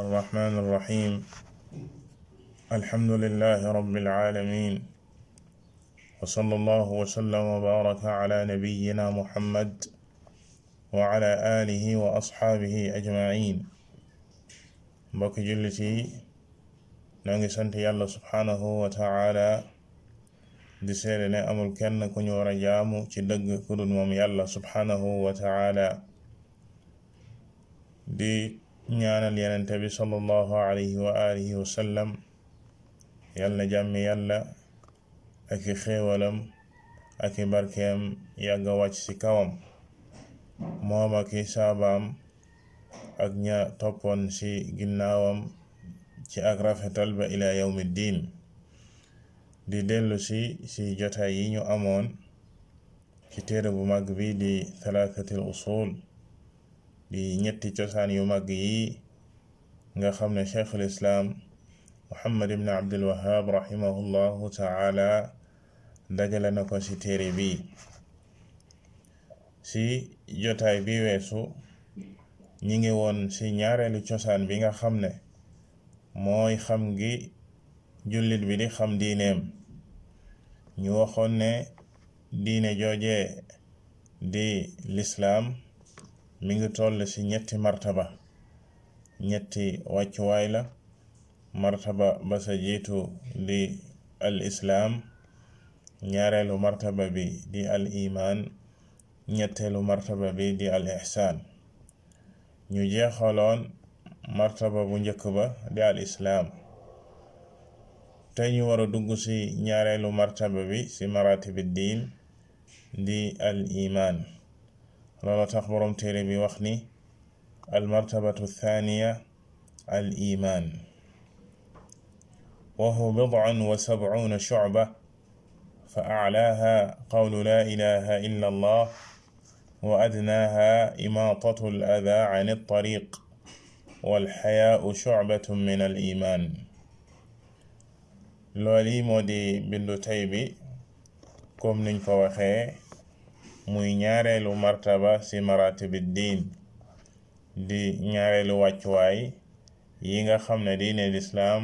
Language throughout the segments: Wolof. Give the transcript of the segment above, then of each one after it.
الرحمن الرحيم الحمد لله رب العالمين وصلى الله وسلم وبارك على نبينا محمد وعلى آله وأصحابه أجمعين mbokk jullit yi noo ngi sant yàlla subhaanahu wa taala di seede ne amul kenn ku ñu war a jaamu ci dëgg ku dul moom yàlla subhaanahu wa taala di ñaanal yenente bi sallallahu alayhi wa alihi wasallam yal na jàmmi yàlla ak i xéewalam ak barkeem yàgg a wàcc ci kawam moom ak saabaam ak ña toppoon ci ginnaawam ci ak rafetal ba ila yawmi diin di dellu si ci jotaay yi ñu amoon ci téere bu mag bi di thalaathatil usul di ñetti cosaan yu mag yi nga xam ne cheikhul islaam muhammad ibn abdul wahab taala dajale na ko ci téere bi ci jotaay bi weesu ñi ngi woon ci ñaareelu cosaan bi nga xam ne mooy xam gi jullit bi di xam diineem ñu waxoon ne diine jooje di lislaam mi ngi toll ci ñetti martaba ñetti wàccuwaay la martaba ba sa jiitu di al islaam ñaareelu martaba bi di al imaan ñetteelu martaba bi di al ñu jeexaloon martaba bu njëkk ba di al islaam tey ñu war a dugg ci ñaareelu martaba bi ci maratibi diin di al imaan loola tax boroom téere bi wax ni almartabatu thaniya al iman wa huwa bid'un wa sab'una shu'ba fa a'laaha qawlu laa ilaha illa allah wa adnaaha imaatatu al adaa an at-tariq wal xayaau shu'batun min al iman loolu yi moo di bindu tey bi comme niñ ko waxee muy ñaareelu martaba ci maratibi diin di ñaareelu wàccuwaay yi nga xam ne diine lislaam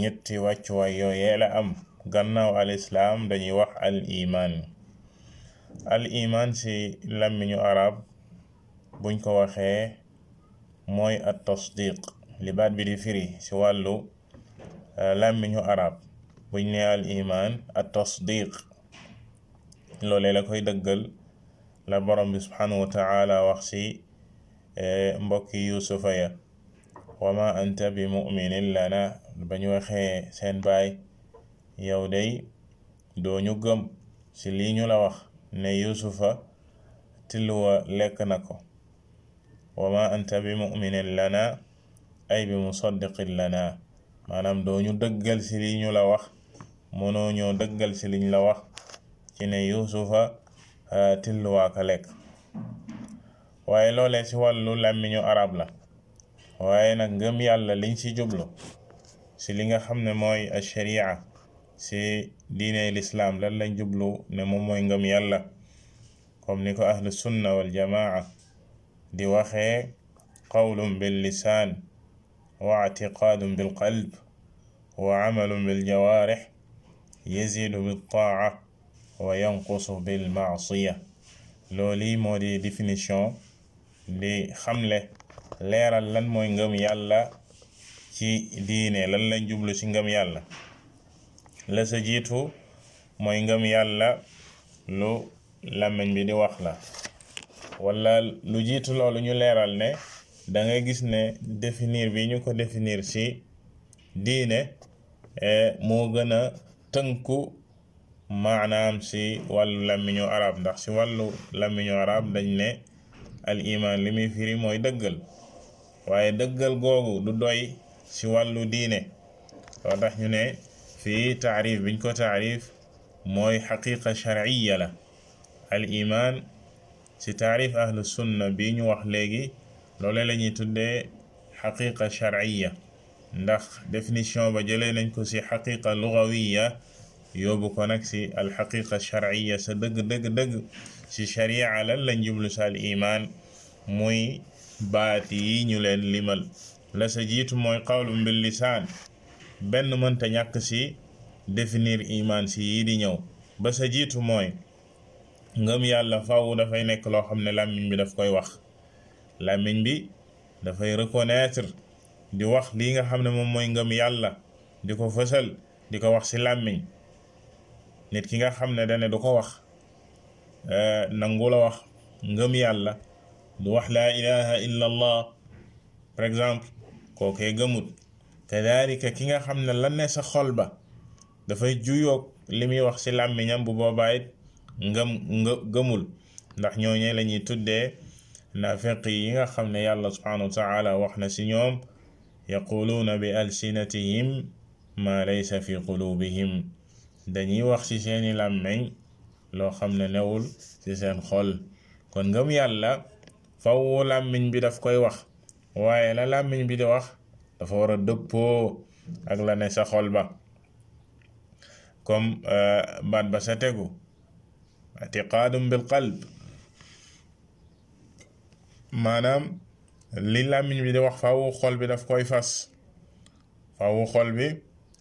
ñetti wàccuwaay yee la am gannaaw al dañuy wax al imaan al ci làmmiñu arab buñ ko waxee mooy at tasdiq li bi di firi ci wàllu làmmiñu arab buñ ne al imaan at tasdiq loole la koy dëggal la borom bi subhanahu wa taala wax si e, mbokki yusufa ya wama anta bi muminin lana ba ñu waxee seen baay yow day doo ñu gëm ci lii ñu la wax ne yusufa tilluwa lekk na ko wama anta bi muminin lana ay bi musaddiqin lana maanaam doo ñu dëggal ci lii ñu la wax mënoo ñoo dëggal ci liñ la wax ci ne yuusufa euh, tilluwaaka waaye loolee ci wàllu làmmiñu arab la waaye nag ngëm yàlla liñ ci jublu ci li nga xam ne mooy sharia ci diiney lislaam lan lañ jublu ne moom mooy ngëm yàlla comme ni ko ahlu sunna wal jamaa di waxee qawlun bil lisaan wa atiqaadun bil qalb wa amalun bil jawaarih yaziidu bit taaca wa yanqusu bil maasiya loolu moo di difinition di xamle leeral lan mooy ngëm yàlla ci diine lan lañ jublu ci ngëm yàlla la sa jiitu mooy ngëm yàlla lu làmmiñ bi di wax la walla lu jiitu loolu ñu leeral ne da gis ne définir bi ñu ko définir ci diine eh, moo gën a tënku maanaam si wàllu làmmiñu arab ndax si wàllu làmmiñu arab dañ ne alimaan iman li mooy dëggal waaye dëggal googu du doy si wàllu diine loo tax ñu ne fii taarif biñ ko taarif mooy xaqiqa sharciya la al iman si taarif ahlu sunna bi ñu wax léegi loole la ñuy tuddee xaqiqa sharciya ndax définition ba jëlee nañ ko si xaqiqa lugawiya yóbbu ko nag si alxaqiqa sharciya sa dëgg dëgg dëgg si sharia la lañ jublu sa al iman muy baati yi ñu leen limal la sa jiitu mooy qawlun bil lisaan benn mënta si définir iman di ñëw ba jiitu mooy ngëm yàlla faw dafay nekk loo xam ne làmmiñ bi daf koy wax làmmiñ bi dafay reconnaître di wax lii nga xam ne moom mooy ngëm yàlla di ko fësal di ko wax si làmmiñ nit ki nga xam ne dane du ko wax eh, nangu la wax ngëm yàlla du wax laa ilaha illa allah par exemple kookee gëmut kadalika ki nga xam ne lan ne sa xol ba dafay juyoog li muy wax si làmmiñam bu boobaa it ngëm nga gëmul ndax ñooñe la ñuy tuddee naafeq yi nga xam ne yàlla subhanahu wa wax na si ñoom yaquluuna bi alsinatihim ma laysa fi qulubihim dañuy wax ci seeni làmmiñ loo xam ne newul ci seen xol kon ngëm yàlla faw làmmiñ bi daf koy wax waaye na làmmiñ bi di wax dafa war a dëppoo ak la ne sa xol ba comme euh, baat ba sa tegu atiqaadum bil qalb maanaam li làmmiñ bi di wax fawu xol bi daf koy fas fawu xol bi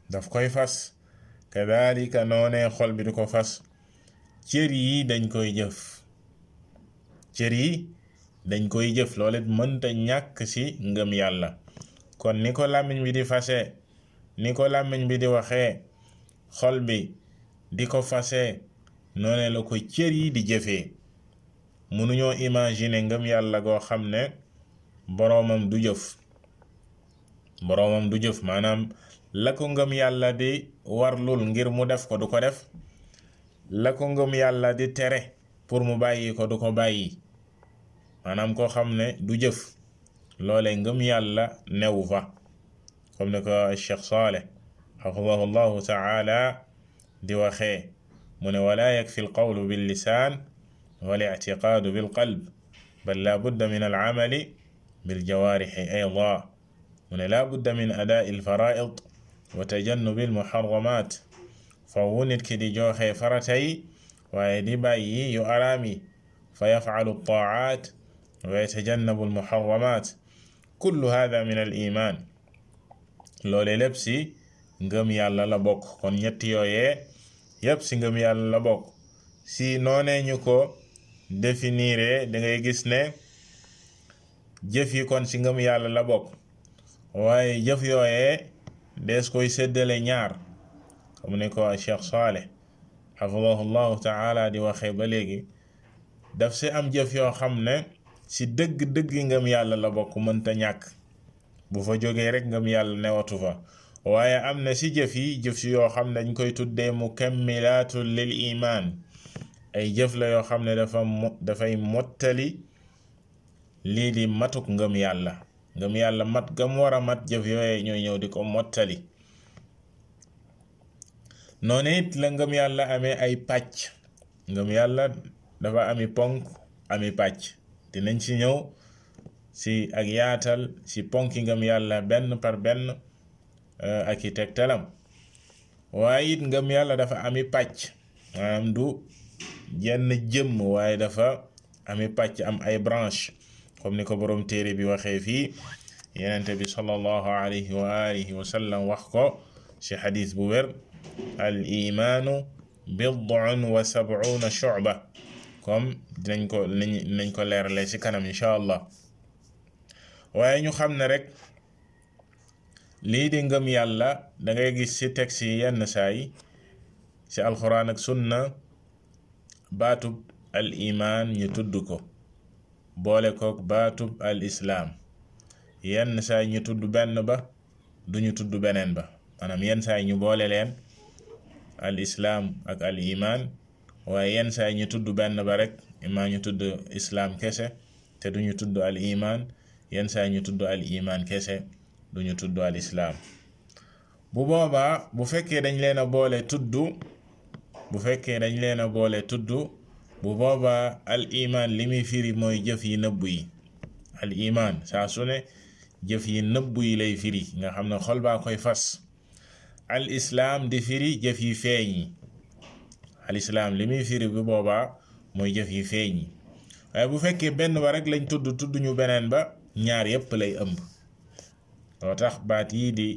daf koy fas kadalika noonee xol bi di ko fas cër yi dañ koy jëf cër yi dañ koy jëf loolu mënta ñàkk ci ngëm yàlla kon ni ko làmmiñ bi di fase ni ko làmmiñ bi di waxee xol bi di ko fase noonee la ko cër yi di jëfee mënuñoo imagine ngëm yàlla goo xam ne boroomam du jëf boroomam du jëf maanaam la ko ngëm yàlla di warlul ngir mu def ko du ko def la ko ngëm yàlla di tere pour mu bàyyi ko du ko bàyyi maanaam koo xam ne du jëf loole ngëm yàlla newu fa comme ne ko Cheikh Saleh xafidahu llahu taala di waxee mu ne wala yakfi alqawlu bil lisaan wal ictiqaadu bil qalb bal la budda min al amali bil jawaarixi ayda mu ne la budda min adaai al wa tajannubil muharramaat faww nit ki di joxe farata waaye di bàyyi yu araam yi fa yafcalu taacaat wa yatajannabu almuharramaat kullu hada min al loole lépp si ngëm yàlla la bokk kon ñett si ngëm yàlla la bokk si noonee ñu ko définire da gis ne jëf yi kon si ngëm yàlla la bokk waaye jëf yooyee dees koy séddale ñaar mu ne ko Cheikh Saleh xafidahu llahu taala di waxee ba léegi daf si am jëf yoo xam ne si dëgg-dëgg ngëm yàlla la bokk mënta ñàkk bu fa jógee rekk ngëm yàlla newatu fa waaye am na si jëf yi jëf si yoo xam ne dañ koy tuddee mukammilaatu lil imaan ay jëf la yoo xam ne dafa mo dafay mottali lii di matuk ngëm yàlla ngëm yàlla mat gam war a mat jëf yooyee ñooy ñëw di ko mottali noonu it la ngëm yàlla amee ay pàcc ngëm yàlla dafa ami ponk ami pàcc dinañ ci ñëw si ak yaatal si ponki ngam yàlla benn par benn euh, ak tegtalam waaye it ngëm yàlla dafa ami pàcc du jenn jëmm dafa ami pàcc am ay branche comme ni ko boroom téere bi waxee fii yenente bi sallallahu alayhi wa alihi wax ko ci xadis bu wér al imaanu bid'un wa sab'una shu'ba comme dinañ ko nañ ko leerale ci kanam incha allah waaye ñu xam ne rek lii di ngëm yàlla dangay gis ci texte yi yenn saa yi ci alxuraan ak sunna baatub al imaan ñu tudd ko boole kook baatub al islaam yenn saay ñu tudd benn ba duñu tudd beneen ba maanaam yenn saa yi ñu boole leen al islaam ak al imaan waaye yenn saa yi ñu tudd benn ba rek maa ñu tudd islaam kese te duñu tudd al yenn saay ñu tudd al kese duñu tudd al islaam bu boobaa bu fekkee dañ leen a boole tudd bu fekkee dañ leen a boole tudd bu boobaa al li muy firi mooy jëf yi nëbbu yi al iman saa su ne jëf yi nëbbu yi lay firi nga xam ne xol baa koy fas al di firi jëf yi feeñ yi al li muy firi bu boobaa mooy jëf yi feeñ yi waaye bu fekkee benn ba rek lañ tudd tudd ñu beneen ba ñaar yépp lay ëmb loo tax baat yi di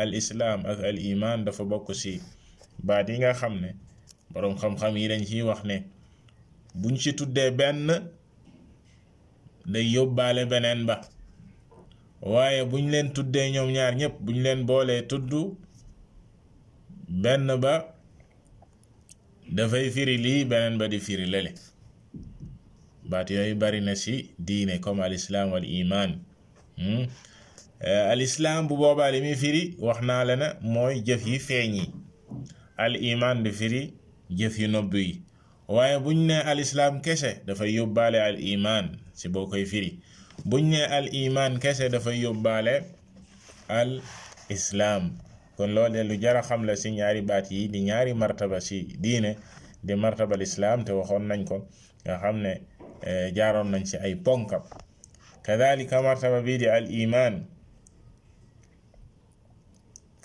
al islaam ak al iman dafa bokk si baat yi nga xam ne boroom xam-xam yi dañ ciy wax ne buñ ci tuddee benn day yóbbaale beneen ba waaye buñ leen tuddee ñoom ñaar ñépp buñ leen boolee tudd benn ba dafay firi lii beneen ba di firi lële baat yooyu bari na ci diine comme al islaam hmm? eh, bu boobaa li muy firi wax naa la ne mooy jëf yi feeñ yi al di firi jëf yu nëbb yi waaye buñ ne alislaam kese dafay yóbbaale al imaan si boo koy firi buñ ne al kese dafa yóbbaale al islaam kon loolu lu jar a xam la si ñaari baat yi di ñaari martaba si diine di martabal islaam te waxoon nañ ko xam ne eh, jaaroon nañ si ay ponkam kadalika martaba bii di al imaan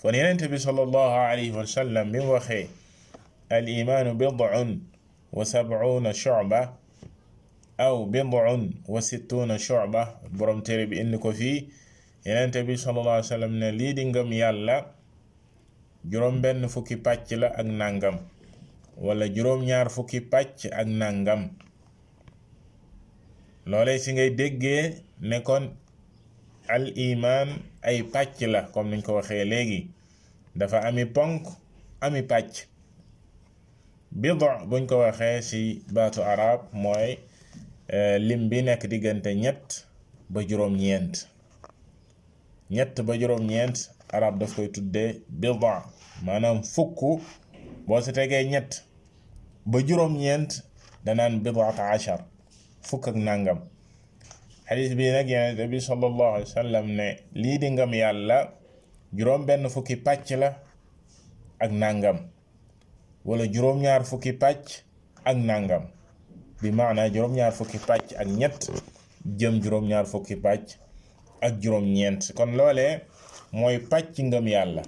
kon yenente bi sallallahu alayhi wa sallam bi mu waxee al imaanu bid'un wa sab'una shu'ba aw bid'un wa sittuna shu'ba borom téere bi indi ko fii Yonent bi sallallahu wa sallam ne lii di ngëm yàlla juróom benn fukki pàcc la ak nàngam walla juróom ñaar fukki pàcc ak nàngam loolee si ngay déggee nekkoon kon al imaan ay pàcc la comme niñ ko waxee léegi dafa ami ponk ami pàcc bida buñ ko waxee ci baatu arab mooy eh, lim bi nekk diggante ñett ba juróom-ñeent ñett ba juróom arab daf koy tuddee bida maanaam fukk boo ci tegee ñett ba juróom-ñeent danaan bidaata achar fukk ak nàngam xadis bi nag yonente bi sallallahu alayhi ne lii di ngam yàlla juróom benn fukki pàcc la ak nàngam wala juróom-ñaar fukki pàcc ak nangam bi maanaa juróom-ñaar fukki pàcc ak ñett jëm juróom-ñaar fukki pàcc ak juróom-ñeent kon loolee mooy pàcc ngëm yàlla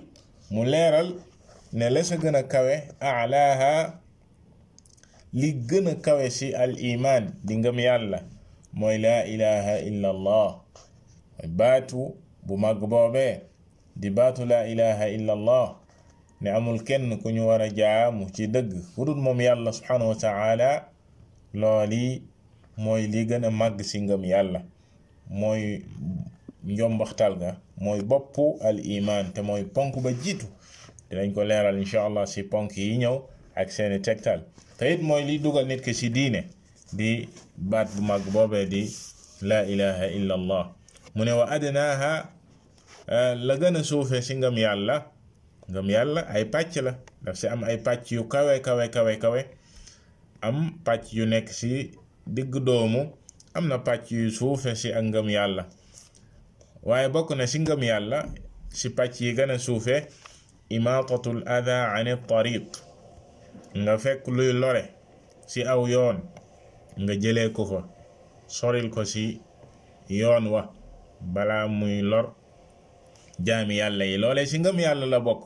mu leeral ne la sa gën a kawe alaaha li gën a kawe ci al imaan di ngëm yàlla mooy laa ilaha illa baatu bu màgg boobee di baatu laa ilaha illa ne amul kenn ku ñu war a jaamu ci dëgg ku dul moom yàlla subhanahu wa taala looli mooy li gën a màgg si ngëm yàlla mooy njombaxtal ga mooy bopp al te mooy ponk ba jiitu dinañ ko leeral incha allah si ponk yi ñëw ak seeni tegtal te mooy li dugal nit ki si diine di baat bu màgg boobee di laa ilaha illa allah mu ne wa adnaaha la gën a suufee si ngëm yàlla ngëm yàlla ay pàcc la daf si am ay pàcc yu kawe kawe kawe kawe am pàcc yu nekk si digg doomu am na pàcc yu suufe si ak ngëm yàlla waaye bokk na si ngëm yàlla si pàcc yi gën suufe imaatatul ada an tariq nga fekk luy lore si aw yoon nga jële ko fa soril ko si yoon wa balaa muy lor jaami yàlla yi loole si ngëm yàlla la bokk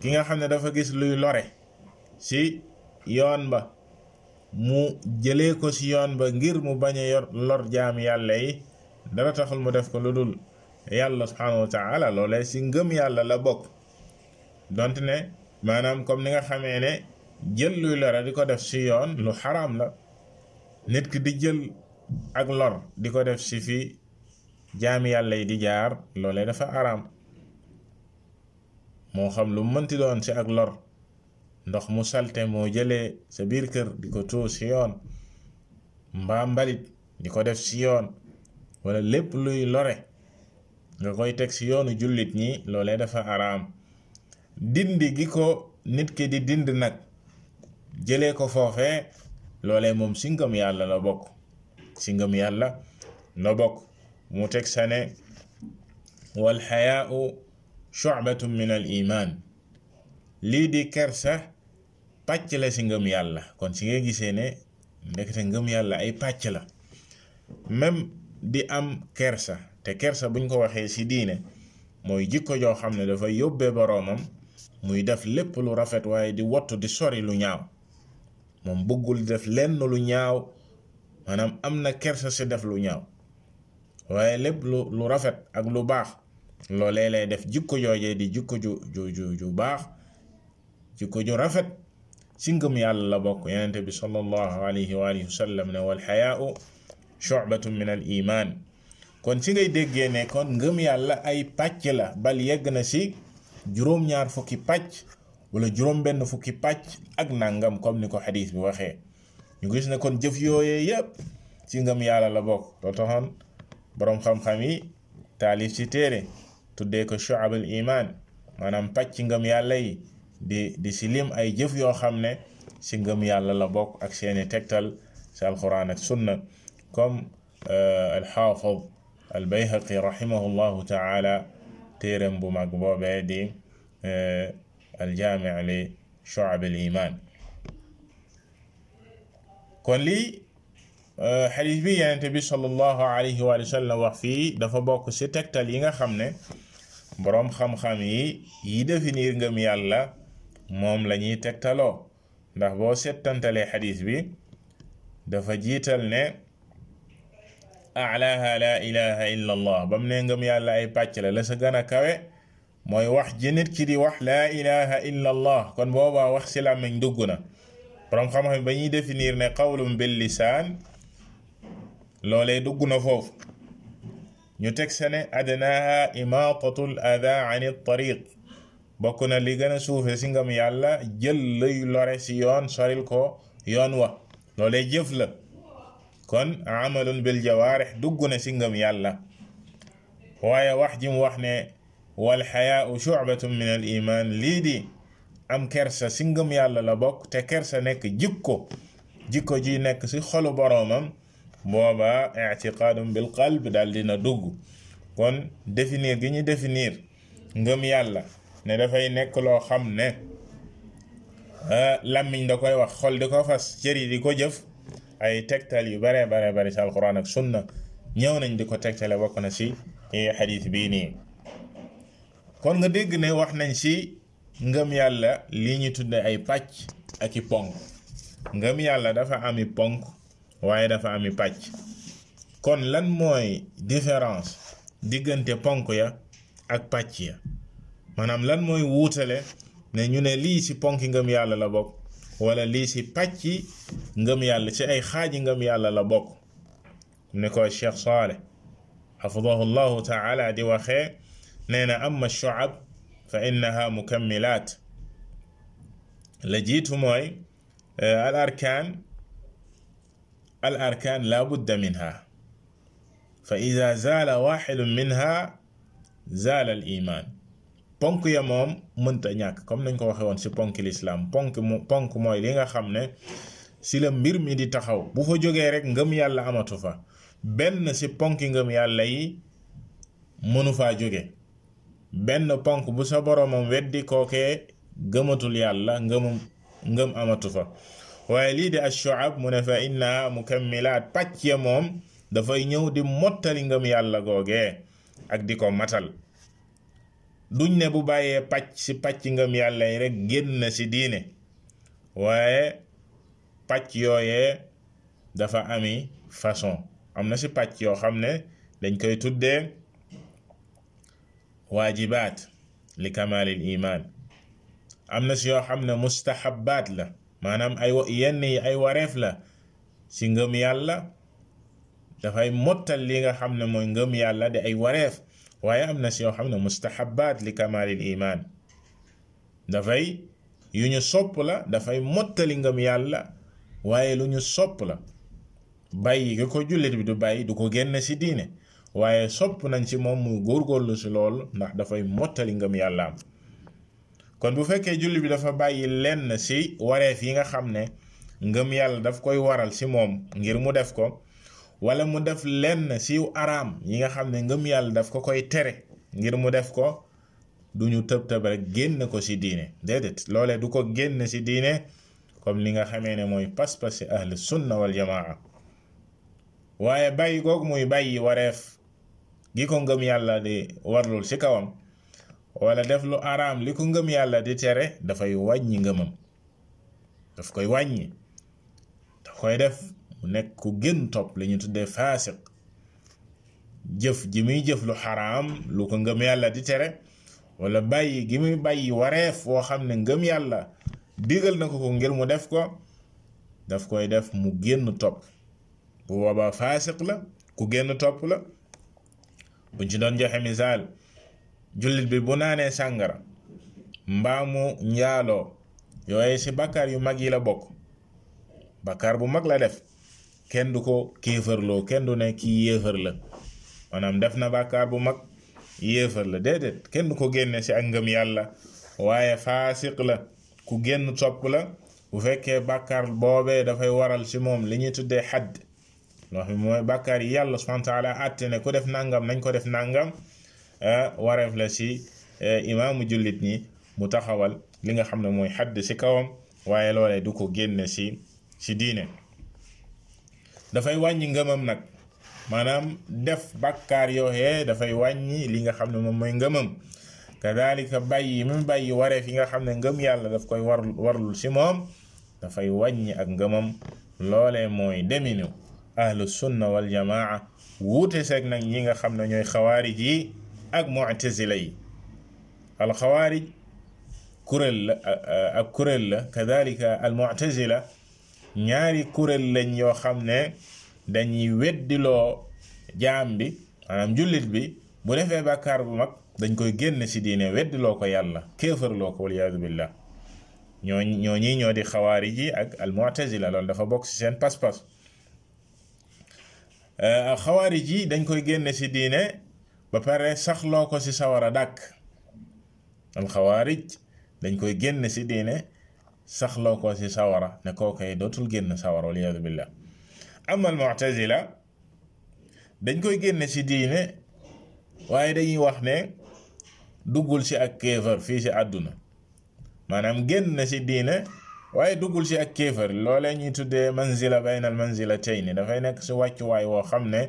ki nga xam ne dafa gis luy lore ci yoon ba mu jëlee ko ci yoon ba ngir mu bañ a yor lor jaam yàlla yi dara taxul mu def ko lu dul yàlla subhanahu wa taala loolee ci ngëm yàlla la bokk dont ne maanaam comme ni nga xamee ne jël luy lore di ko def ci yoon lu xaraam la nit ki di jël ak lor di ko def ci fi jaam yàlla yi di jaar loolee dafa araam moo xam lu mu mënti doon si ak lor ndox mu salte moo jële sa biir kër di ko tuur si yoon mbaa mbalit di ko def si yoon walla lépp luy lore nga koy teg ci yoonu jullit ñi loole dafa araam dindi gi ko nit ki di dind nag jële ko foofee loole moom ci ngëm yàlla la bokk ci ngëm yàlla la bokk mu teg sa ne wal xayaa shu'batun min al iman lii di kersa pàcc la si ngëm yàlla kon si ngay gisee ne ndekete ngëm yàlla ay pàcc la même di am kersa te kersa buñ ko waxee si diine mooy jikko joo xam ne dafa yóbbe boroomam muy def lépp lu rafet waaye di wottu di sori lu ñaaw moom bëggul def lenn lu ñaaw maanaam am na kersa si def lu ñaaw waaye lépp lu rafet ak lu baax loolee lay def jikko joojee di jikko ju ju ju ju baax jikko ju rafet si ngëm yàlla la bokk yenente bi sallallahu alayhi wa alihi wa sallam ne wal xayaau shubatun min al kon ci ngay déggee ne kon ngëm yàlla ay pàcc la bal yegg na si juróom-ñaar fukki pàcc wala juróom-benn fukki pàcc ak nangam comme ni ko xadiis bi waxee ñu gis ne kon jëf yooyee yépp ci ngëm yàlla la bokk loolu taxoon boroom xam-xam yi taalif si téere tuddee ko shu'abul iman maanaam pàcc ngëm yàlla yi di di si ay jëf yoo xam ne si ngëm yàlla la bokk ak seeni tektal si alquran ak sunna comme euh, alxaafid albayhaqi rahimahullahu taala téeram bu mag boobee di euh, aljaami li shu'abul iman kon lii euh, xadis bi yenente bi sallallahu si tegtal yi nga xam ne boroom xam-xam yi yi définir ngëm yàlla moom la ñuy tegtaloo ndax boo settantalee xadis bi dafa jiital ne alaaha la ilaha illa allah ne ngëm yàlla ay pàcc la la sa gën a kawe mooy wax ji nit ki di wax laa ilaha illa kon boobaa wax si làmmiñ dugg na boroom xam-xam ba ñuy définir ne qawlum bil lisaan loolee dugg na foofu ñu teg sene adnaaha imaatatul ada ani tariq bokk na li gën a suufe si ngam yàlla jël luy lore si yoon soril ko yoon wa loolee jëf la kon amalun bil jawaarix dugg na si ngam yàlla waaye wax ji mu wax ne wal xayaau min al lii di am kersa si ngëm yàlla la bokk te kersa nekk jikko jikko ji nekk si xolu boroomam booba ictiqaadum bil qalb daal dina dugg kon definiir gi ñu définir ngëm yàlla ne dafay nekk loo xam ne làmmiñ da koy wax xol di ko fas cër yi di ko jëf ay tegtal yu bare bare bari ci alquran ak sunna ñëw nañ di ko tegtale bokk na si eh, xadiis bii nii kon nga dégg ne wax nañ si ngëm yàlla li ñu tudd ay pàcc ak i ponk ngëm yàlla dafa ami ponk waaye dafa ami pàcc kon lan mooy différence diggante ponk ya ak pàcc ya maanaam lan mooy wuutale ne ñu ne lii si ponk ngëm yàlla la bokk wala lii si pàcc ngëm yàlla si ay xaaji ngëm yàlla la bokk ne ko Cheikh Saleh xafidahu llahu taala di waxee nee na amma shu'ab fa innaha mukammilaat la jiitu mooy eh, al arkaan al arkaan laa budda minha fa ida zaala waaxidun minha zaala al iman ponk ya moom mënta ñàkk comme nañ ko waxe woon ci ponk lislaam ponk ponk mooy li nga xam ne ci la mbir mi di taxaw bu fa jógee rek ngëm yàlla amatu fa benn ci ponk ngëm yàlla yi mënu faa jóge benn ponk bu sa boroomam weddi kookee gëmatul yàlla ngëmum ngëm amatu fa waaye lii di ashuab mu ne fa inna mukammilaat pàcc ya moom dafay ñëw di mottali ngëm yàlla googe ak di ko matal duñ ne bu bàyyee pàcc ci pàcc ngëm yàlla yi rek génn na ci diine waaye pàcc yooyee dafa ami façon am na ci pàcc yoo xam ne dañ koy tuddee waajibaat li kamaalil imaan am na ci yoo xam ne mustahabaat la maanaam ay yenn yi ay wareef la ci ngëm yàlla dafay mottal li nga xam ne mooy ngëm yàlla di ay wareef waaye am na si yoo xam ne mustahabaat li kamaalil iman dafay yu ñu sopp la dafay mottali ngëm yàlla waaye lu ñu sopp la bàyyi nga ko jullit bi du bàyyi du ko génn si diine waaye sopp nañ ci moom muy góorgóorlu si loolu ndax dafay mottali ngëm yàlla am kon bu fekkee julli bi dafa bàyyi lenn si wareef yi nga xam ne ngëm yàlla daf koy waral ci moom ngir mu def ko wala mu def lenn ci araam yi nga xam ne ngëm yàlla daf ko koy tere ngir mu def ko duñu tëb tëb rek génn ko ci diine déedéet loolee du ko génn ci diine comme li nga xamee ne mooy pas-pas ci ahlu sunna wal waaye bàyyi googu muy bàyyi wareef gi ko ngëm yàlla di warlul ci kawam wala def lu araam li ko ngëm yàlla di tere dafay wàññi ngëmam daf koy wàññi daf koy def mu nekk ku gën topp li ñu tuddee faasiq jëf ji muy jëf lu xaraam lu ko ngëm yàlla di tere wala bàyyi gi muy bàyyi wareef woo xam ne ngëm yàlla digal na ko ko ngir mu def ko daf koy def mu génn topp bu boobaa faasiq la ku génn topp la buñ ci doon joxe misaal jullit bi bu naanee sàngara mbaamu njaaloo yooye ci bakkaar yu mag yi la bokk bakkaar bu mag la def kenn du ko kéefarloo kenn du ne kii yéefar la maanaam def na bakkaar bu mag yéefar la déedéet kenn du ko génne si ak ngëm yàlla waaye faasiq la ku génn topp la bu fekkee bàkkaar boobee dafay waral si moom li ñuy tuddee xadd loo xam mooy bàkkaar yi yàlla subhanahu wa taala ne ku def nangam nañ ko def nangam Ah, wareef la si eh, imaamu jullit ñi mu taxawal li nga xam ne mooy xadd si kawam waaye loolee du ko génne si si diine dafay wàññi ngëmam nag maanaam def bàkkaar yooyee dafay wàññi li nga xam ne moom mooy ngëmam kadalika bàyyi mu bàyyi wareef yi nga xam ne ngëm yàlla daf koy war warlul si moom dafay wàññi ak ngëmam loole mooy deminu ahlu sunna wal jamaa wuute nag ñi nga xam ne ñooy xawaarij yi ak mu'tazila yi alxawaarij kuréel la ak kuréel la kadalika al mu'tazila ñaari kuréel lañ yoo xam ne dañuy weddiloo jaam bi maanaam jullit bi bu defee bàkkaar bu mag dañ koy génn si diine weddiloo ko yàlla kéefarloo ko waliyaadu billah ñoo ñoo ñii ñoo di xawaarij yi ak al mu'tazila loolu dafa bokk ci seen pas-pas xawaarij euh, yi dañ koy génn ci diine ba pare saxloo ko ci sawara dàkk alxawaarij dañ koy génn ci diine saxloo ko ci sawara ne kookay dootul génn sawara waliyaadu billah amal al dañ koy génne ci diine waaye dañuy wax ne duggul ci ak kéefër fii ci àdduna maanaam génn ci diine waaye duggul ci ak kéefër loolee ñuy tuddee manzila baynal manzilatayni dafay nekk ci wàccuwaay woo xam ne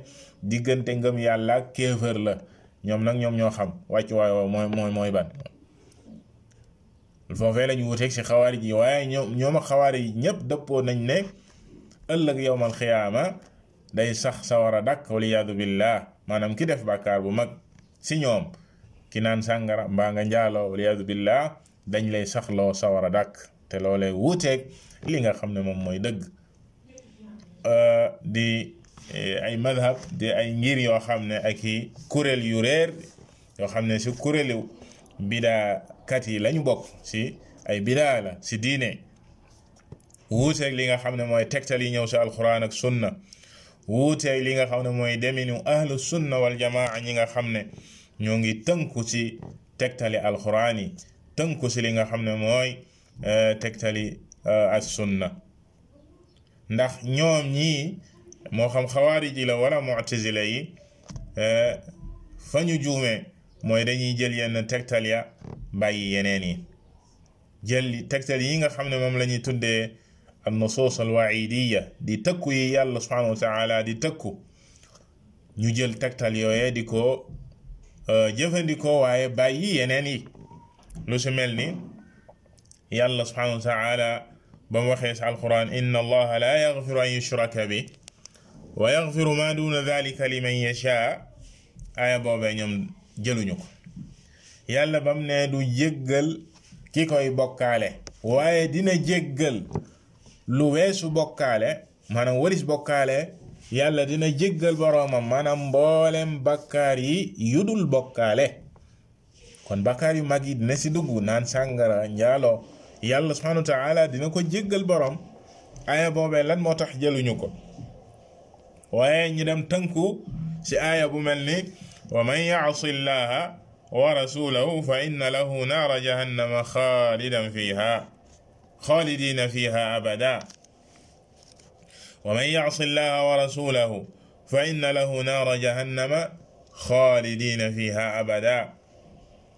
diggante ngëm yàlla ak kéefër la ñoom nag ñoom ñoo xam wàccu waay woo mooy mooy mooy ban foofee lañu wuteeg si xawaarij ji waaye ñoom ñoom ak xawaarij yi ñépp dëppoo nañ ne ëllëg yowmal xiyaama day sax sawara dàkk waliyaadu billah maanaam ki def bàkkaar bu mag si ñoom ki naan sàngara mbaa nga njaaloo waliyaadu billah dañ lay saxloo sawara dàkk te loolee wuuteeg li nga xam ne moom mooy dëgg Eh, ay madhab di ay ngir yoo xam ne ak i kuréel yu reer yoo xam ne si kuréelu bidaakat yi lañu bokk si ay bidaa la si diine wuuteeg li nga xam ne mooy tegtal yi ñëw si alquran ak sunna wuuteeg li nga xam ne mooy deminu ahlu sunna wal jamaa ñi nga xam ne ñoo ngi tënku si tegtali alquran yi tënku si li nga xam ne mooy eh, tegtali eh, as sunna ndax ñoom ñii moo xam xawaarij la la wala mu'tazila yi eh, fa ñu juumee mooy dañuy jël yenn tegtal ya yeneen yi jël tegtal yi nga xam ne moom la ñuy tuddee an-nusus al di tëkku yi yàlla subhanahu wa ta'ala di tëkku ñu jël tegtal di ko eh, jëfandikoo waaye bàyyi yeneeni yi lu si ni yàlla subhanahu wa ta'ala ba mu waxee si alquran inna allaha la yaghfiru an yushraka bi wa yaxfiru ma duna dalika liman yashaa aaya boobee ñoom jëluñu ko yàlla bam ne du jéggal ki koy bokkaale waaye dina jéggal lu weesu bokkaale maanaam waris bokkaale yàlla dina jéggal boroomam maanaam mboolem bakkaar yi yudul bokkaale kon bakkaar yu mag yi dina si dugg naan sàngara njaaloo yàlla subhanahu wa dina ko jéggal borom aaya boobee lan moo tax jëluñu ko waaye ñi dem tënku ci aaya bu mel ni wa man ya'si llaha wa rasulahu fa inna lahu naara jahannama xaalidan fiha xaalidina fiha abada wa man ya'si llaha wa rasulahu fa inna lahu naara jahannama xaalidina fiha abada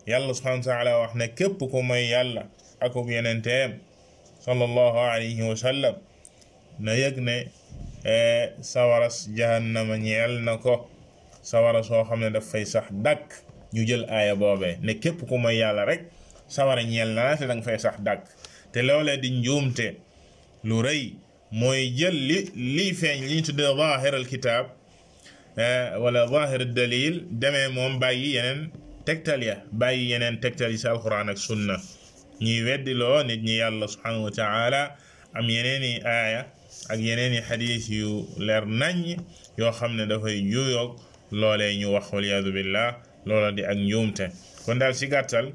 yàlla subhanahu wa taala wax ne képp ku mooy yàlla akub yenenteem sallallahu alayhi wa sallam na yëg ne E, sawaras jahannama ñeel na ko sawara soo xam ne daf fay sax dàkk ñu jël aaya boobee ne képp ku mooy yàlla rek sawara ñeel na la te danga fay sax dàkk te loolee di njuumte lu rëy mooy jël li liy feeñ li ñu tuddee zaahiral kitaab e, wala zaahir dalil demee moom bàyyi yeneen tegtal ya bàyyi yeneen tegtal yi si alquran ak sunna ñuy weddi nit ñi yàlla subhanahu wa taala am yeneeni aaya ak yeneen i xadiis yu leer naññ yoo xam ne dafay juyoog loole ñu wax waliyaadu billah loola di ak njuumte kon daal si gàttal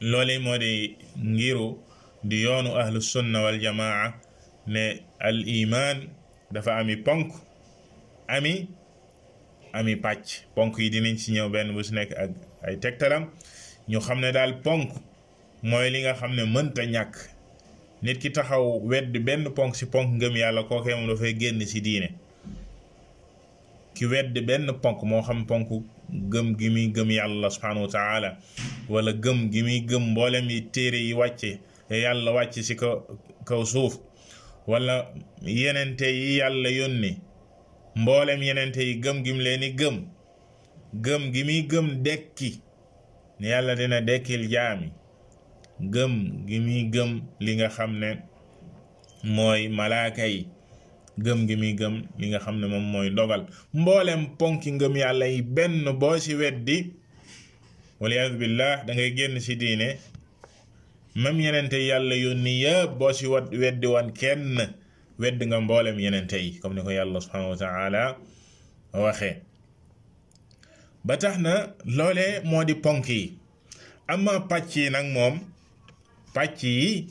loolee moo di ngiru di yoonu ahlu sunna wal jamaa ne al dafa ami ponk ami ami pàcc ponk yi dinañ ci ñëw benn bu ci nekk ak ay tegtalam ñu xam ne daal ponk mooy li nga xam ne mënta ñàkk nit ki taxaw weddi benn ponk si ponk ngëm yàlla kookee moom dafay génn ci diine ki weddi benn ponk moo xam ponk gëm gi muy gëm yàlla subhanahu wa taala wala gëm gi muy gëm mboolem yi téere yi wàcce yàlla wàcc ci kaw kaw suuf wala yenente yi yàlla yónni mboolem yenente yi gëm gi mu leen gëm gëm gi muy gëm dekki ne yàlla dina dekkil jaami gëm gi muy gëm li nga xam ne mooy malaaka yi gëm gi muy gëm li nga xam ne moom mooy dogal mboolem ponk yi ngëm yàlla yi benn boo ci weddi waliyaas billah da ngay génn ci diine même yenente yàlla yónni yëpp boo ci wat weddi wan kenn weddi nga mboolem yenente yi comme ni ko yàlla subhanahu wa waxee ba tax na loolee moo di ponk yi ama pàcc yi nag moom pàcc yi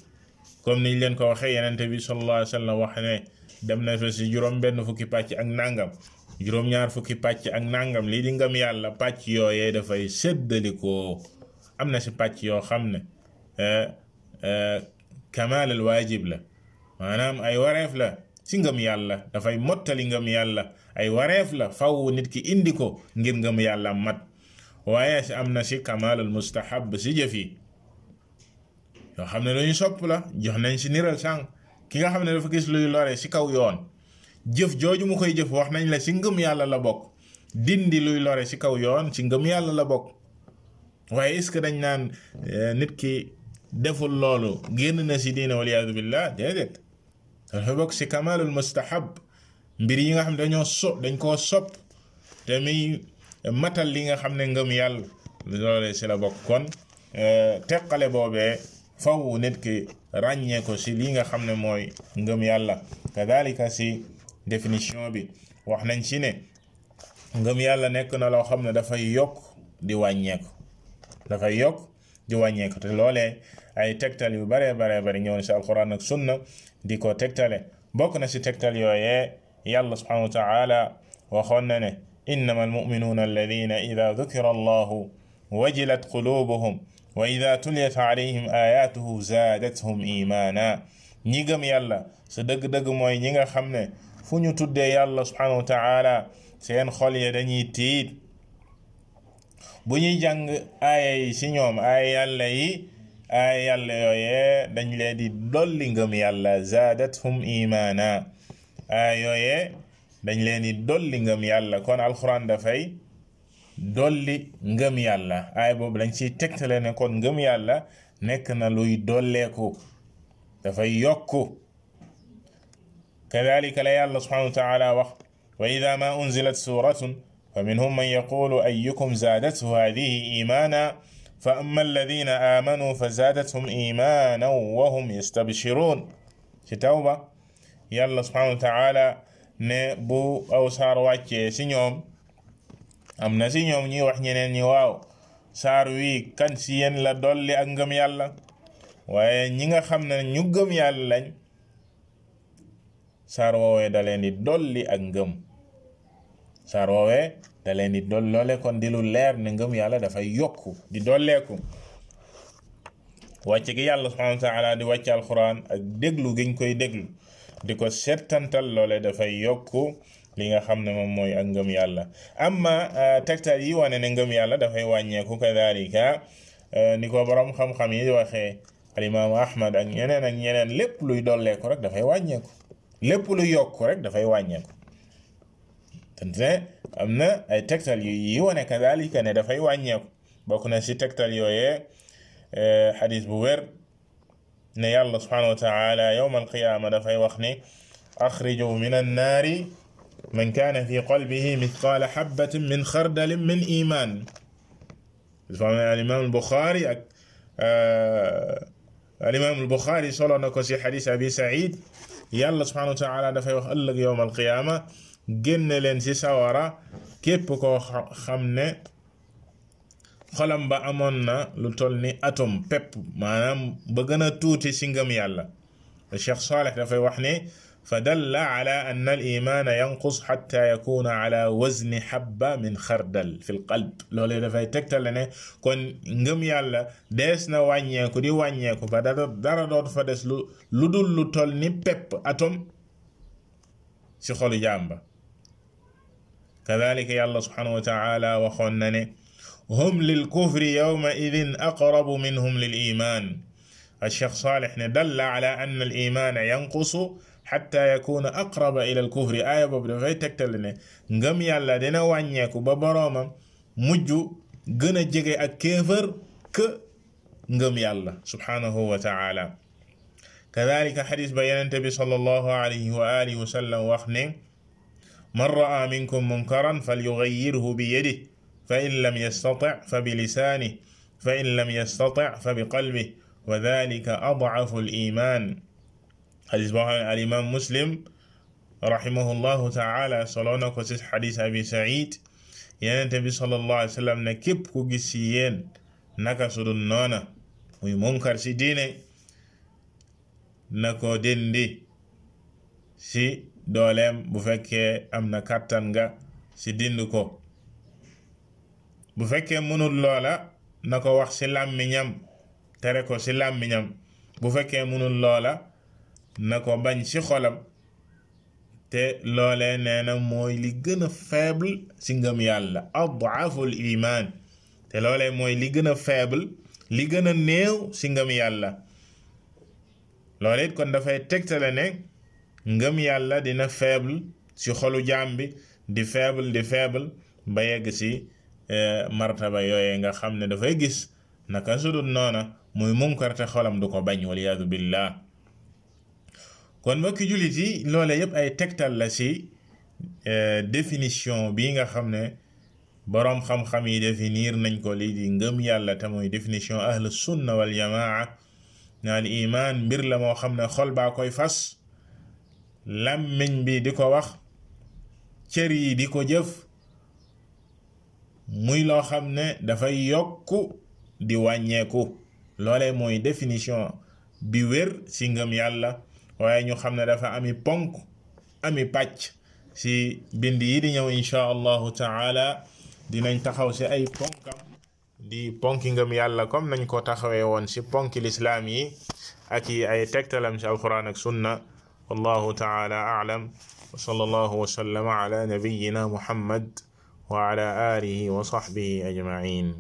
comme ni leen ko waxee yenente bi sallallahu alayhi wax ne dem na fa si juróom benn fukki pàcc ak nàngam juróom-ñaar fukki pàcc ak nàngam lii di ngëm yàlla pàcc yooyee dafay séddalikoo am na si pàcc yoo xam ne eh, eh, kamal al waajib la maanaam ay wareef la si ngëm yàlla dafay mottali ngëm yàlla ay wareef la faw nit ki indi ko ngir ngëm yàlla am mat waaye si am na si kamal al si jëf yi yoo xam ne lu ñu sopp la jox nañ si niral sànq ki nga xam ne dafa gis luy lore si kaw yoon jëf jooju mu koy jëf wax nañ la si ngëm yàlla la bokk dindi luy lore si kaw yoon si ngëm yàlla la bokk waaye est dañ naan eh, nit ki deful loolu génn si diine waliyaadu billah déedéet si kamalul mustahab mbir yi nga xam ne dañoo so dañ koo sopp te muy matal li nga xam ne ngëm yàlla loole si la bokk kon eh, teqale boobee faw nit ki ràññee ko ci nga xam ne mooy ngëm yàlla kadalika ci définition bi wax nañ ci ne ngëm yàlla nekk na loo xam ne dafay yokk di wàññeeku dafay yokk di wàññeeku te loole ay tegtal yu baree baree bari ñëw na ci alquran sunna di ko tegtale bokk na si tegtal yooyee yàlla subhanahu wa taala waxoon na ne innama almuminuuna alladina ida dukira allahu wajilat qulubuhum وإذا تليت عليهم آياته زادتهم إيمانا ñi gëm yàlla sa dëgg-dëgg mooy ñi nga xam ne fu ñu tuddee yàlla subhanahu wa seen xol ya dañuy tiit bu ñuy jàng aaya yi ci ñoom aaya yàlla yi aaya yàlla yooyee dañ leen di dolli ngëm yàlla zaadathum imaana aaya yooyee dañ leen di dolli ngëm yàlla kon alxuraan dafay dolli ngëm yàlla aay boobu lañ ciy tegtale ne ngëm yàlla nekk na luy dolleeku dafay yokku kadalika la yàlla subhanahu wa wax wa ma unzilat suratun fa man yaqulu ayukum zaadathu hadihi imaana fa amma alladina aamanu fa zaadathum imaanan wa hum yastabshiruun ci tawba yàlla subhanahu wa aw saar wàccee ci ñoom am na si ñoom ñuy wax ñeneen ñi waaw saar wi kan si yéen la dolli ak ngëm yàlla waaye ñi nga xam ne ñu ngëm yàlla lañ saar woowee da leen di dolli ak ngëm saar woowee da leen di dol loole kon di lu leer ni ngëm yàlla dafay yokk di dolleeku wàcc gi yàlla subhanahu wa taala di wàcc alxuraan ak déglu giñ koy déglu di ko settantal loole dafay yokku li nga xam ne moom mooy ak ngëm yàlla amma euh, tegtal yi wane ne ngëm yàlla dafay wàññeeku kadalika euh, ni ko borom xam-xam yi waxee alimaamu ahmad ak ñeneen ak ñeneen lépp luy dolleeku rek dafay wàññeeku lépp luy yokku rek dafay wàññeeku tante am na ay tegtal yu yi wane kadalika dafay wàññeeku bokk na si tegtal yooyee euh, xadis bu wër ne yàlla subhanahu wa taala yowma dafay wax ni axrijuu min annaari man kaana fi qalbihi mithqaala habbatin min khardalin min iman alimaamul Buxaari ak alimaamul Buxaari solo na ko si xadis abi Saïd yàlla subhaanahu wa taala dafay wax ëllëg yowm alqiyaama génne leen si sawara képp koo xam ne xolam ba amoon na lu toll ni atome pepp maanaam ba gën a tuuti si ngëm yàlla Cheikh Saleh dafay wax ne fadalla ala anna al imaana yanqus xatta yakuna ala wazni xabba min xardal fi l qalb loolu dafay tegtale ne kon ngëm yàlla dees na wàññeeku di wàññeeku ba dara dara dootu fa des lu lu dul lu toll ni pepp atom ci xolu jàmba kadalika yàlla subhanahu wa taala waxoon na ne hum lil kufri yawma idin aqrabu minhum lil iman acheikh saalih ne dalla ala anna al imaana yanqusu xatta yakuna aqraba ila al kufri aaya boobu dafay tegtale ne ngëm yàlla dina wàññeeku ba boroomam mujj gën a jege ak kéefër kë ngëm yàlla subhanahu wa taala kadalika xadis ba yenente bi sallallahu alayhi wa alihi wa sallam wax ne man raa minkum munkaran falyugayirhu bi yedih fa in lam yastati fa bi lisaanih fa in lam yastati fa bi qalbih wa dalika adafu al iman xadis boo xam ne al imam muslim rahimahullahu taala soloo na ko ci xadis abi said yenente bi sallallahu alayhi wa sallam ne képp ku gis ci yéen naka sudul noona muy munkar ci diine na ko dindi si dooleem bu fekkee am na kàttan ga si dindi ko bu fekkee mënul loola na ko wax ci làmmiñam tere ko ci làmmiñam bu fekkee mënul loola na ko bañ si xolam te loolee nee na mooy li gën a faible ci ngëm yàlla adaful iman te loole mooy li gën a faible li gën a néew si ngëm yàlla loole it kon dafay tegtale ne ngëm yàlla dina faible si xolu jaam bi di faible di faible ba yegg ci eh, martaba yooyee nga xam ne dafay gis naka sudut noona muy munkarte xolam du ko bañ waliyadu billah kon mbokki jullit yi loole yëpp ay tegtal la ci euh, définition bi nga xam ne boroom xam-xam yi définir nañ ko lii di ngëm yàlla te mooy définition ahlu sunna wal naa al mbir la moo xam ne xol baa koy fas làmmiñ bi di ko wax cër yi di ko jëf muy loo xam ne dafay yokk di wàññeeku loole mooy définition bi wér ci ngëm yàlla waaye ñu xam ne dafa ami ponk ami pàcc si bind yi di ñëw insha allahu taala dinañ taxaw si ay ponkam di ponk ponki ngëm yàlla comme nañ ko taxawee woon si ponki lislaam yi ak yi ay tegtalam si alquran ak sunna wallahu taala alam wa sallallahu wa sallama ala nabiyina muhammad wa ala alihi wa